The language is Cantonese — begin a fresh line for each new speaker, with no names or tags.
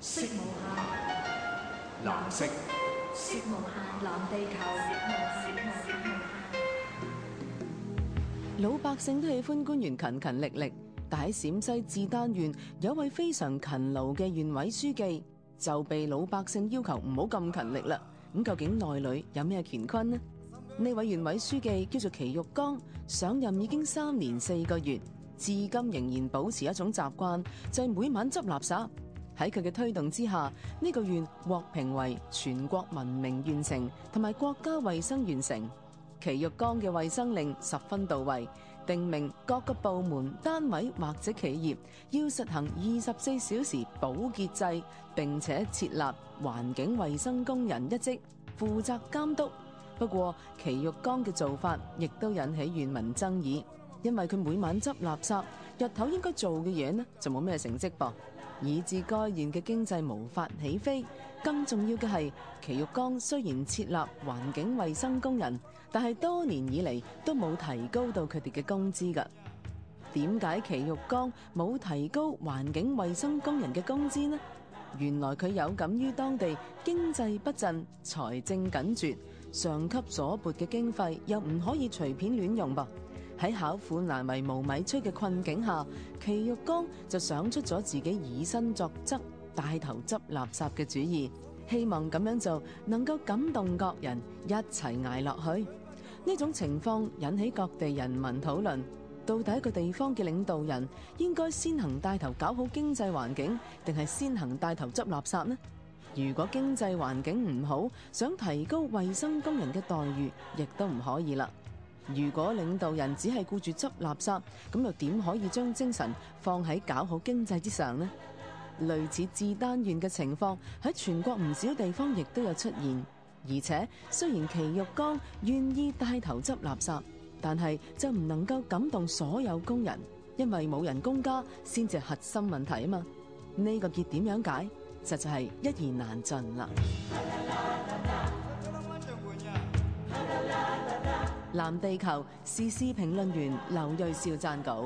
色無限藍色，色無限藍地球。老百姓都喜歡官員勤勤力力，但喺陝西志丹縣有一位非常勤勞嘅縣委書記，就被老百姓要求唔好咁勤力啦。咁究竟內裏有咩乾坤呢？呢位縣委書記叫做祁玉剛，上任已經三年四個月，至今仍然保持一種習慣，就係每晚執垃圾。喺佢嘅推動之下，呢、這個縣獲評為全國文明縣城同埋國家衛生縣城。祁玉江嘅衛生令十分到位，定明各個部門單位或者企業要實行二十四小時保潔制，並且設立環境衛生工人一職，負責監督。不過，祁玉江嘅做法亦都引起縣民爭議，因為佢每晚執垃圾，日頭應該做嘅嘢呢就冇咩成績噃。以致該縣嘅經濟無法起飛，更重要嘅係祁玉江雖然設立環境衛生工人，但係多年以嚟都冇提高到佢哋嘅工資噶。點解祁玉江冇提高環境衛生工人嘅工資呢？原來佢有感於當地經濟不振、財政緊絀，上級所撥嘅經費又唔可以隨便亂用噃。喺巧婦難為無米炊嘅困境下，祁玉剛就想出咗自己以身作則、帶頭執垃圾嘅主意，希望咁樣做能夠感動各人一齊捱落去。呢種情況引起各地人民討論，到底一個地方嘅領導人應該先行帶頭搞好經濟環境，定係先行帶頭執垃圾呢？如果經濟環境唔好，想提高衛生工人嘅待遇，亦都唔可以啦。如果領導人只係顧住執垃圾，咁又點可以將精神放喺搞好經濟之上呢？類似志丹縣嘅情況喺全國唔少地方亦都有出現。而且雖然祁玉江願意帶頭執垃圾，但係就唔能夠感動所有工人，因為冇人工加先至核心問題啊嘛。呢、這個結點點樣解，實在係一言難盡啦。啊啊啊啊啊啊啊藍地球時事評論員劉銳紹撰稿。